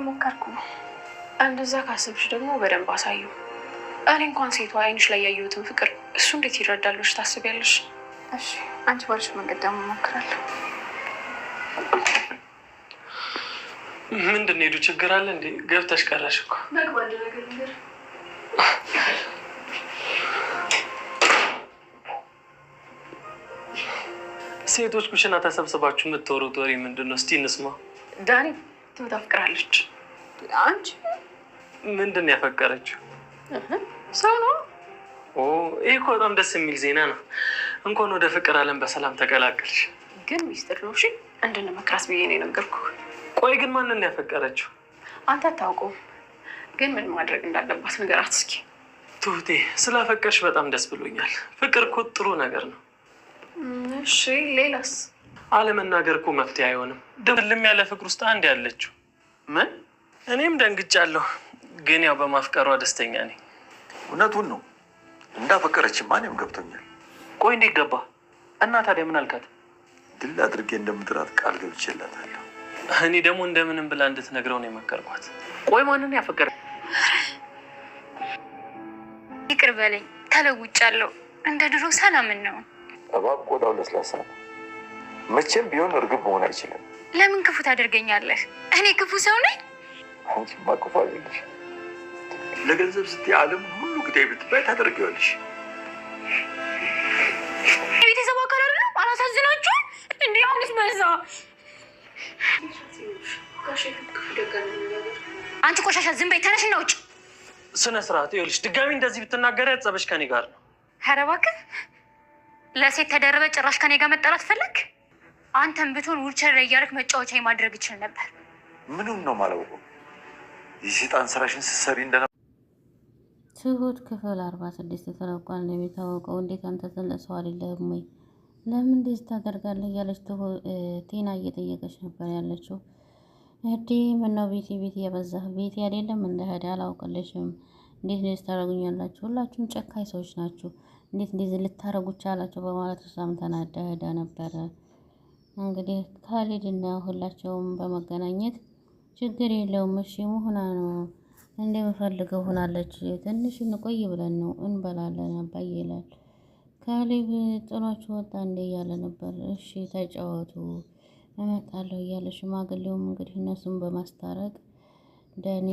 እየሞከርኩ ነው። እንደዛ ካስብሽ ደግሞ በደንብ አሳዩ። እኔ እንኳን ሴቷ አይንሽ ላይ ያየሁትን ፍቅር እሱ እንዴት ይረዳለች ታስቢያለሽ? እሺ፣ አንቺ ባልሽ መንገድ ደግሞ እሞክራለሁ። ምንድን ሄዱ፣ ችግር አለ እንዴ? ገብተሽ ቀረሽ እኮ ሴቶች ኩሽና ተሰብስባችሁ የምትወሩት ወሬ ምንድን ነው? እስቲ እንስማ ዳኒ ትሁት አፍቅራለች። አንቺ ምንድን ነው ያፈቀረችው? ሰው ነው። ኦ ይህ እኮ በጣም ደስ የሚል ዜና ነው። እንኳን ወደ ፍቅር አለም በሰላም ተቀላቀልሽ። ግን ሚስጥር ነው እሺ፣ እንድንመክራስ ብዬ ነው የነገርኩ። ቆይ ግን ማንን ነው ያፈቀረችው? አንተ አታውቀውም። ግን ምን ማድረግ እንዳለባት ንገራት እስኪ። ትሁቴ ስላፈቀርሽ በጣም ደስ ብሎኛል። ፍቅር እኮ ጥሩ ነገር ነው። እሺ ሌላስ? አለመናገር እኮ መፍትሄ አይሆንም። ድልም ያለ ፍቅር ውስጥ አንድ ያለችው ምን? እኔም ደንግጫለሁ፣ ግን ያው በማፍቀሯ ደስተኛ ነኝ። እውነቱን ነው እንዳፈቀረች ማንም ገብቶኛል። ቆይ እንዴት ገባ እና ታዲያ ምን አልካት? ድል አድርጌ እንደምጥራት ቃል ገብቼላታለሁ። እኔ ደግሞ እንደምንም ብላ እንድትነግረው ነው የመከርኳት። ቆይ ማንን ያፈቀረ? ይቅር በለኝ ተለውጫለሁ። እንደ ድሮ ሰላምን ነው እባብ ቆዳው ለስላሳ መቼም ቢሆን እርግብ መሆን አይችልም። ለምን ክፉ ታደርገኛለህ? እኔ ክፉ ሰው ነኝ? አንቺማ ክፉ አይደለሽ። ለገንዘብ ስትይ ዓለም ሁሉ ግዴ ብትባይ ታደርጊዋለሽ። የቤተሰቡ አካል አለ። አላሳዝናችሁ እንዲ አሁንስ በዛ። አንቺ ቆሻሻ ዝም በይ ተነሽና ውጭ። ስነ ስርዓት ይኸውልሽ። ድጋሚ እንደዚህ ብትናገሪ ያጸበሽ ከኔ ጋር ነው። ኧረ እባክህ ለሴት ተደረበ ጭራሽ ከኔ ጋር መጠራት ፈለግ አንተም ብትሆን ውልቸር ላይ እያደረክ መጫወቻ ማድረግ ይችል ነበር። ምንም ነው ማለው የሴጣን ስራሽን ስትሰሪ እንደ ትሁት ክፍል አርባ ስድስት ተለቋል። የሚታወቀው እንዴት አንተ ሰው አይደለህም ወይ ለምን እንደዚህ ታደርጋለህ? እያለች ቴና እየጠየቀች ነበር ያለችው። ምን ነው ቤቴ ቤቴ የበዛ ቤቴ አይደለም እንደሄደ አላውቅልሽም። እንዴት እንደዚህ ታደርጉኛላችሁ? ሁላችሁም ጨካኝ ሰዎች ናችሁ። እንዴት እንደዚህ ልታደርጉ አላቸው በማለት እሷም ተናዳ ሄዳ ነበረ። እንግዲህ ካሊድና ሁላቸውም በመገናኘት ችግር የለውም እሺ መሆና ነው እንደምፈልገው ሆናለች፣ ትንሽ እንቆይ ብለን ነው እንበላለን አባይ ይላል። ካሊብ ጥሏቸው ወጣ እንዴ እያለ ነበር። እሺ ተጫወቱ እመጣለሁ እያለ ሽማግሌውም እንግዲህ እነሱም በማስታረቅ ደኔ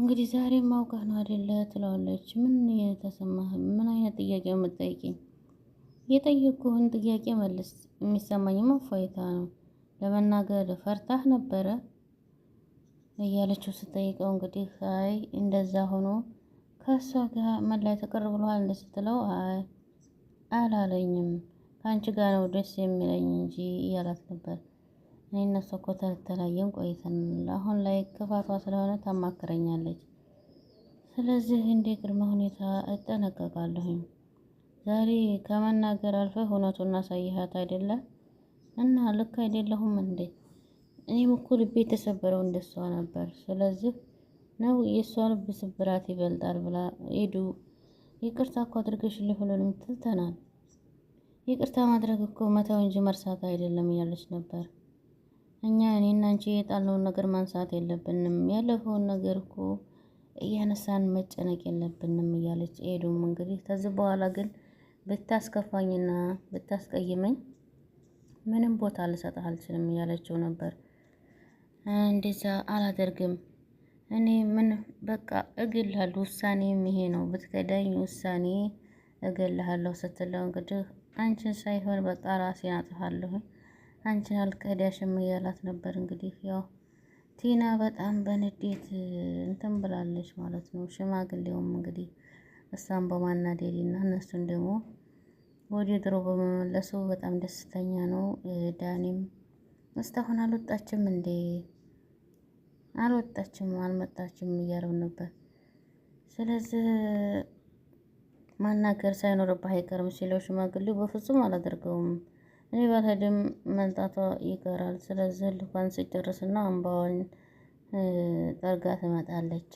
እንግዲህ ዛሬ አውቃ ነው አይደለ ትለዋለች። ምን የተሰማህ? ምን አይነት ጥያቄ የምጠይቅኝ የጠየኩህን ጥያቄ መልስ። የሚሰማኝም እፎይታ ነው። ለመናገር ፈርታህ ነበረ እያለችው ስጠይቀው እንግዲህ አይ እንደዛ ሆኖ ከእሷ ጋር መላይ ተቀር ብሏል እንደ ስትለው አይ አላለኝም ከአንቺ ጋር ነው ደስ የሚለኝ እንጂ እያላት ነበር። እኔ እነሱ እኮ ተለያየን ቆይተናል። አሁን ላይ ክፋቷ ስለሆነ ታማክረኛለች። ስለዚህ እንደ ቅድመ ሁኔታ እጠነቀቃለሁኝ። ዛሬ ከመናገር አልፈ እውነቱን እናሳይሃት አይደለ? እና ልክ አይደለሁም እንዴ? እኔም እኮ ልቤ የተሰበረው እንደሷ ነበር። ስለዚህ ነው የእሷ ልብ ስብራት ይበልጣል ብላ ሄዱ። ይቅርታ እኮ አድርገሽልኝ ሁሉንም ትልተናል። ይቅርታ ማድረግ እኮ መተው እንጂ መርሳት አይደለም እያለች ነበር። እኛ እኔና አንቺ የጣልነውን ነገር ማንሳት የለብንም። ያለፈውን ነገር እኮ እያነሳን መጨነቅ የለብንም እያለች ሄዱም እንግዲህ ከዚህ በኋላ ግን ብታስከፋኝና ብታስቀይመኝ ምንም ቦታ ልሰጥህ አልችልም እያለችው ነበር። እንደዛ አላደርግም እኔ ምን በቃ እገልሃለሁ፣ ውሳኔም ይሄ ነው፣ ብትከዳኝ ውሳኔ እገልሃለሁ ስትለው እንግዲህ አንቺን ሳይሆን በቃ ራሴን አጥፋለሁ፣ አንቺን አልከዳሽም እያላት ነበር። እንግዲህ ያው ቲና በጣም በንዴት እንትን ብላለች ማለት ነው። ሽማግሌውም እንግዲህ እሷን በማናደድ እና እነሱን ደግሞ ወደ ድሮ በመመለሱ በጣም ደስተኛ ነው። ዳኒም እስካሁን አልወጣችም እንዴ አልወጣችም አልመጣችም እያለው ነበር። ስለዚህ ማናገር ሳይኖርብህ አይቀርም ሲለው ሽማግሌው በፍጹም አላደርገውም እኔ ባልሄድም መምጣቷ ይቀራል። ስለዚህ ልኳን ስጨርስና አምባዋን ጠርጋ ትመጣለች።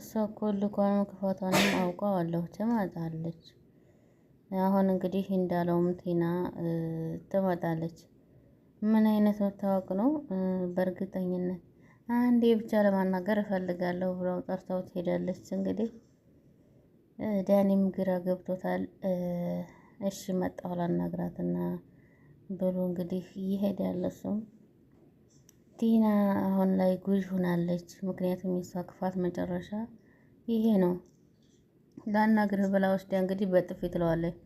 እሷ እኮ ልኳን ክፋቷንም አውቀዋለሁ ትመጣለች። አሁን እንግዲህ እንዳለውም ቲና ትመጣለች። ምን አይነት መታወቅ ነው? በእርግጠኝነት አንዴ ብቻ ለማናገር እፈልጋለሁ ብለው ጠርታው ትሄዳለች። እንግዲህ ዳኒም ግራ ገብቶታል። እሺ መጣሁ ላናግራትና ብሎ እንግዲህ ይሄዳል። እሱም ቲና አሁን ላይ ጉዥ ሆናለች። ምክንያቱም የሷ ክፋት መጨረሻ ይሄ ነው። ላናግርህ ብላ ወስዳ እንግዲህ በጥፊ ትለዋለች።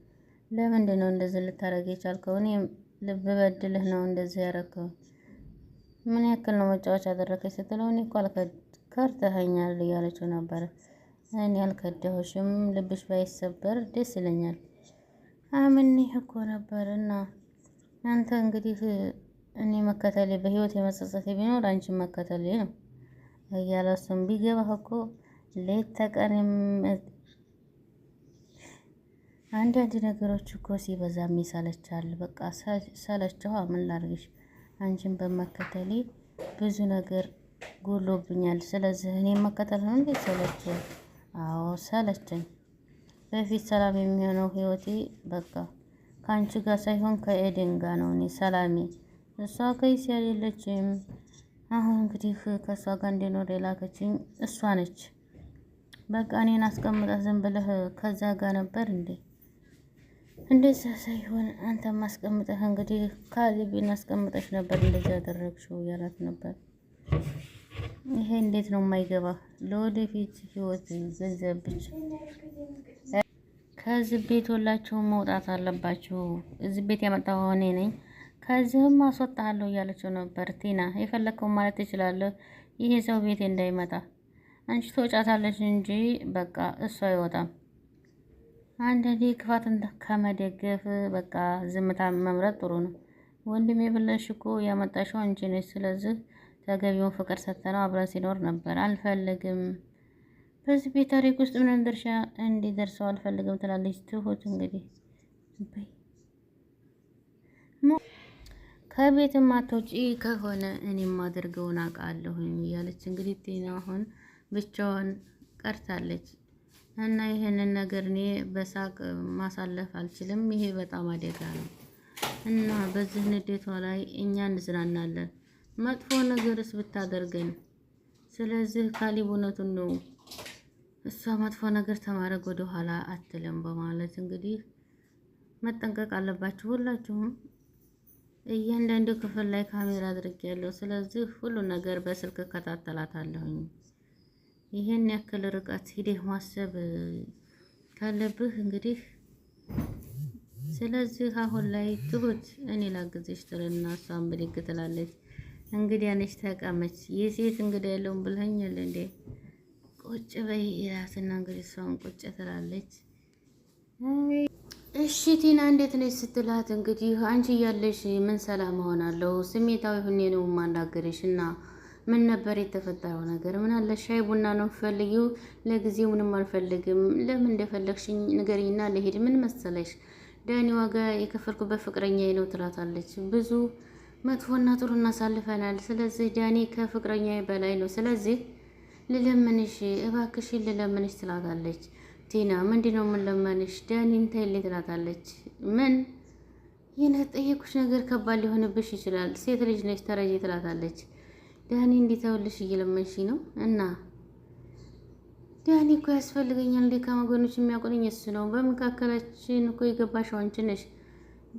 ለምንድን ነው እንደዚህ ልታረግ የቻልከው? እኔ በድልህ ነው እንደዚህ ያረከው? ምን ያክል ነው መጫወቻ አደረከች ስትለው እኔ እኮ ከርተኸኛል እያለችው ነበረ። እኔ አልከዳሁሽም፣ ልብሽ ባይሰበር ደስ ይለኛል። አምኔህ እኮ ነበር እና አንተ እንግዲህ እኔ መከተሌ በህይወት የመጸጸቴ ቢኖር አንቺን መከተሌ ነው እያለ እሱም ቢገባህ እኮ ሌት ተቀን አንዳንድ ነገሮች እኮ ሲበዛም ይሰለቻል። በቃ ሰለቸው ምን ላርግሽ፣ አንቺን በመከተሌ ብዙ ነገር ጎሎብኛል። ስለዚህ እኔ መከተል ነው እንዴ ሰለቸ? አዎ ሰለችኝ። በፊት ሰላም የሚሆነው ህይወቴ በቃ ከአንቺ ጋር ሳይሆን ከኤደን ጋር ነው። እኔ ሰላሜ እሷ ከይስ ያሌለችም። አሁን እንግዲህ ከእሷ ጋር እንዲኖር የላከችኝ እሷ ነች። በቃ እኔን አስቀምጣ ዝም ብለህ ከዛ ጋር ነበር እንዴ እንደዛ ሳይሆን አንተ ማስቀምጠህ እንግዲህ ካሊቢን አስቀምጠሽ ነበር እንደዛ ያደረግሽው እያላት ነበር። ይሄ እንዴት ነው የማይገባ? ለወደፊት ህይወት ገንዘብ ብቻ ከዚህ ቤት ሁላችሁ መውጣት አለባችሁ። እዚህ ቤት ያመጣሁ እኔ ነኝ፣ ከዚህም አስወጣለሁ እያለችው ነበር። ቲና የፈለግከው ማለት ትችላለህ፣ ይሄ ሰው ቤቴ እንዳይመጣ አንቺ ትወጫታለች እንጂ በቃ እሱ አይወጣም። አንዳንዴ ክፋትን ከመደገፍ በቃ ዝምታ መምረጥ ጥሩ ነው። ወንድሜ ብለሽ እኮ ያመጣሽው አንቺ ነሽ። ስለዚህ ተገቢውን ፍቅር ሰተነው አብረን ሲኖር ነበር። አልፈልግም በዚህ ቤት ታሪክ ውስጥ ምንም ድርሻ እንዲደርሰው አልፈልግም ትላለች ትሁት። እንግዲህ ከቤትም አትወጪ ከሆነ እኔም ማደርገውን አውቃለሁኝ እያለች እንግዲህ ጤና አሁን ብቻዋን ቀርታለች። እና ይህንን ነገር እኔ በሳቅ ማሳለፍ አልችልም። ይሄ በጣም አደጋ ነው እና በዚህ ንዴቷ ላይ እኛ እንዝናናለን። መጥፎ ነገርስ ብታደርገን? ስለዚህ ካሊብ እውነቱን ነው እሷ መጥፎ ነገር ተማረግ ወደ ኋላ አትልም በማለት እንግዲህ መጠንቀቅ አለባችሁ ሁላችሁም። እያንዳንዱ ክፍል ላይ ካሜራ አድርጌ ያለው ስለዚህ ሁሉ ነገር በስልክ እከታተላታለሁኝ። ይሄን ያክል ርቀት ሂደህ ማሰብ ካለብህ እንግዲህ ስለዚህ አሁን ላይ ትሁት እኔ ላግዝሽ ትልና እሷን ብድግ ትላለች። እንግዲያ ነች ተቀመች። የሴት እንግዲህ ያለውን ብለኛል እንዴ ቁጭ በይ እራትና እንግዲህ እሷን ቁጭ ትላለች። እሺ ቲና እንዴት ነች ስትላት እንግዲህ አንቺ እያለሽ ምን ሰላም እሆናለሁ ስሜታዊ ሁኔ ነው ማናገርሽ እና ምን ነበር የተፈጠረው ነገር? ምን አለ ሻይ ቡና ነው ፈልጊው? ለጊዜው ምንም አልፈልግም። ለምን እንደፈለግሽኝ ንገሪኝና ለሄድ ምን መሰለሽ ዳኒ ዋጋ የከፈልኩበት ፍቅረኛ ነው ትላታለች። ብዙ መጥፎና ጥሩ እናሳልፈናል። ስለዚህ ዳኒ ከፍቅረኛ በላይ ነው። ስለዚህ ልለምንሽ፣ እባክሽ ልለምንሽ ትላታለች። ቲና ምንድን ነው የምንለመንሽ? ዳኒን ተይልኝ ትላታለች። ምን ይህን ጠየኩሽ ነገር ከባድ ሊሆንብሽ ይችላል። ሴት ልጅ ነች፣ ተረጂ ትላታለች። ዳኒ እንዲተውልሽ እየለመንሽ ነው እና ዳኒ እኮ ያስፈልገኛል። ደካማ ጎኖች የሚያቆልኝ እሱ ነው። በመካከላችን እኮ የገባሽው አንቺ ነሽ።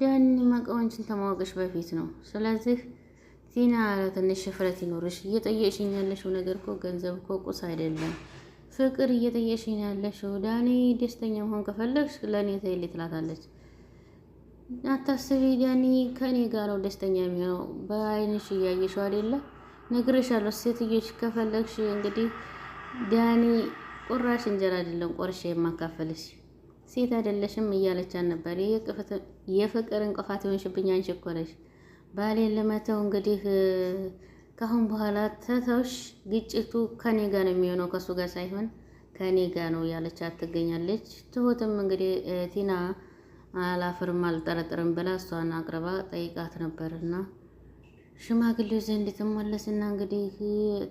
ዳኒ ማውቀው ተማወቅሽ በፊት ነው። ስለዚህ ዜና ትንሽ ሽፍረት ይኖርሽ። እየጠየቅሽኝ ያለሽው ነገር እኮ ገንዘብ እኮ ቁስ አይደለም፣ ፍቅር እየጠየቅሽኝ ያለሽው። ዳኒ ደስተኛ መሆን ከፈለግሽ ለእኔ ተይሌ ትላታለች። አታስቢ ዳኒ ከእኔ ጋር ነው ደስተኛ የሚሆነው። በአይንሽ እያየሽው አይደለም ነግሬሻለሁ። ሴትዮች ከፈለግሽ እንግዲህ ዳኒ ቁራሽ እንጀራ አይደለም ቆርሼ የማካፈልሽ ሴት አይደለሽም እያለቻት ነበር። የፍቅር እንቅፋት የሆንሽብኝ አንቺ እኮ ነሽ። ለመተው እንግዲህ ከአሁን በኋላ ተተውሽ፣ ግጭቱ ከኔ ጋር ነው የሚሆነው ከእሱ ጋር ሳይሆን ከኔ ጋር ነው ያለቻት ትገኛለች። ትሁትም እንግዲህ ቲና አላፍርም አልጠረጥርም ብላ እሷን አቅርባ ጠይቃት ነበርና ሽማግሌው ዘንድ ትመለስና እንግዲህ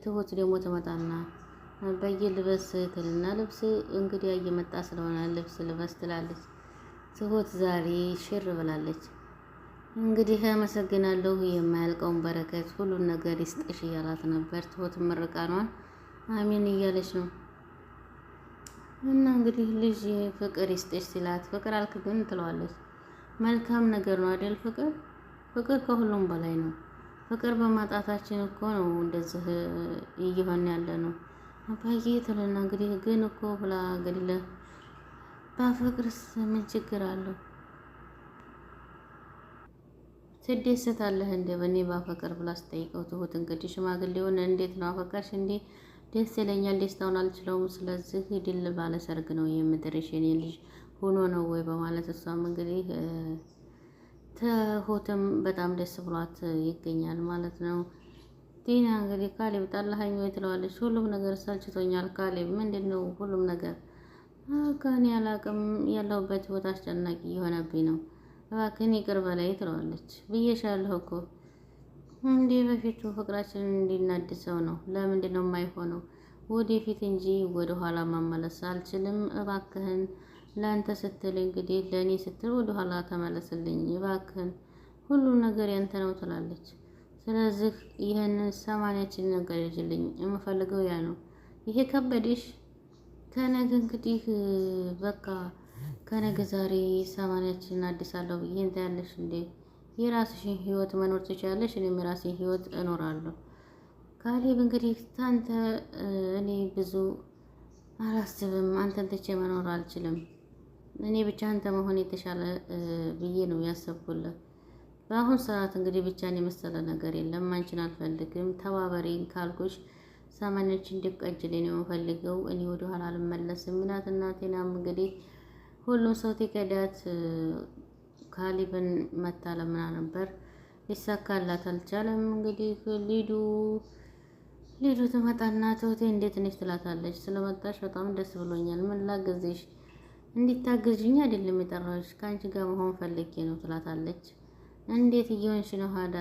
ትሁት ደግሞ ትመጣና በየ ልበስ ትልና ልብስ እንግዲህ እየመጣ ስለሆነ ልብስ ልበስ ትላለች። ትሁት ዛሬ ሽር ብላለች። እንግዲህ አመሰግናለሁ የማያልቀውን በረከት ሁሉን ነገር ይስጥሽ እያላት ነበር። ትሁት ምርቃኗን አሜን እያለች ነው። እና እንግዲህ ልጅ ፍቅር ይስጥሽ ሲላት ፍቅር አልክ ግን ትለዋለች። መልካም ነገር ነው አይደል ፍቅር ፍቅር ከሁሉም በላይ ነው። ፍቅር በማጣታችን እኮ ነው እንደዚህ እየሆን ያለ ነው። አባዬ ትልና እንግዲህ ግን እኮ ብላ ግለ ባፈቅርስ ምን ችግር አለው? ትደሰታለህ እንደ በእኔ ባፈቅር ብላ ስጠይቀው ትሁት እንግዲህ ሽማግሌውን እንዴት ነው አፈቀርሽ እንዴ? ደስ ይለኛል፣ ደስታውን አልችለውም። ስለዚህ ድል ባለ ሰርግ ነው የምድርሽ የኔ ልጅ ሆኖ ነው ወይ በማለት እሷም እንግዲህ ትሁትም በጣም ደስ ብሏት ይገኛል ማለት ነው። ቲና እንግዲህ ካሌብ ጣላኸኝ ወይ ትለዋለች። ሁሉም ነገር ሰልችቶኛል ካሌብ፣ ምንድን ነው ሁሉም ነገር ከኔ ያላቅም ያለሁበት ቦታ አስጨናቂ እየሆነብኝ ነው፣ እባክህን ይቅር በላይ ትለዋለች። ብዬሻለሁ እኮ እንዲህ በፊቱ ፍቅራችንን እንዲናድሰው ነው። ለምንድን ነው የማይሆነው? ወደፊት እንጂ ወደኋላ መመለስ አልችልም። እባክህን ለአንተ ስትል እንግዲህ ለእኔ ስትል ወደኋላ ተመለስልኝ እባክህን፣ ሁሉም ነገር ያንተ ነው ትላለች። ስለዚህ ይህንን ሰማንያችን ነገር ይችልኝ የምፈልገው ያ ነው። ይሄ ከበደሽ ከነገ እንግዲህ በቃ ከነገ ዛሬ ሰማንያችን አድሳለሁ ብዬ እንታ ያለሽ እንዴ የራስሽን ህይወት መኖር ትችላለሽ፣ እኔም የራሴን ህይወት እኖራለሁ። ካሌብ እንግዲህ ታንተ እኔ ብዙ አላስብም፣ አንተን ትቼ መኖር አልችልም እኔ ብቻ አንተ መሆን የተሻለ ብዬ ነው ያሰብኩልህ። በአሁን ሰዓት እንግዲህ ብቻን የመሰለ ነገር የለም። አንቺን አልፈልግም ተባበሬን ካልኩሽ ሰማኞች እንዲቀጅል ነው የምፈልገው። እኔ ወደ ኋላ አልመለስም። ምናት እናቴናም እንግዲህ ሁሉም ሰው ቲከዳት ካሊብን መታለምና ነበር ሊሳካላት አልቻለም። እንግዲህ ሊዱ ሊዱ ትመጣና ትሁቴ እንዴት ነሽ ትላታለች። ስለመጣሽ በጣም ደስ ብሎኛል። ምን ላግዝሽ? እንዲታገዥኝ አይደለም የጠራሁሽ ከአንቺ ጋር መሆን ፈልጌ ነው ትላታለች። እንዴት እየሆንሽ ነው ሀዳ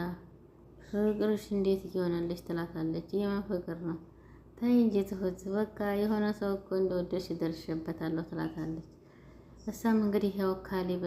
ፍቅርሽ እንዴት እየሆናለች ትላታለች። የምን ፍቅር ነው ተይ እንጂ ትሁት፣ በቃ የሆነ ሰው እኮ እንደወደድሽ ይደርሽበታለሁ ትላታለች። እሷም እንግዲህ ያው ካሌብ